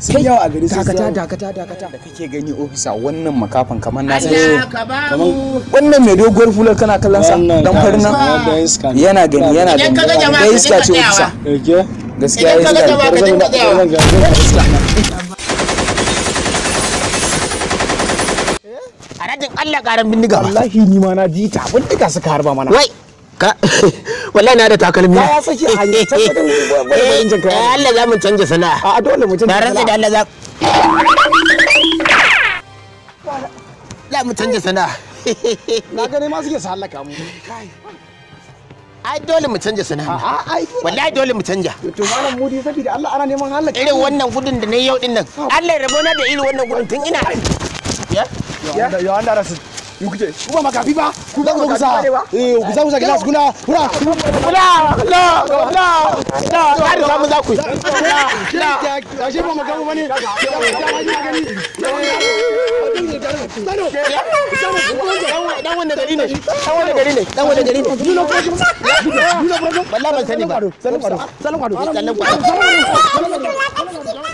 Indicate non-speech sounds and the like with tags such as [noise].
sai yawa a gari sai dakata dakata dakata da kake gani ofisa wannan makafan kamar na san shi wannan mai doguwar hular kana kallon sa dan nan yana gani yana gani da iska ce ofisa gaskiya ya iska a radin Allah karan bindiga wallahi ni ma na ji ta bindiga suka harba mana wai ka [laughs] wallahi na da takalmi ya saki a hanyar tabbatin gwagwarin jinka ya Allah za mu canja sana'a a dole mu canja sana'a tare da Allah za mu canja sana'a na gane ma suke su halaka mu ai dole mu canja sana'a wallahi dole mu canja to malam mudi saboda Allah ana neman halaka irin wannan gudun da nayi yau din nan Allah ya rabona da irin wannan gudun tun ina ya ya ya wanda rasu Nikuje. Kuba makapipa. Kuba kugusa. Eh, ba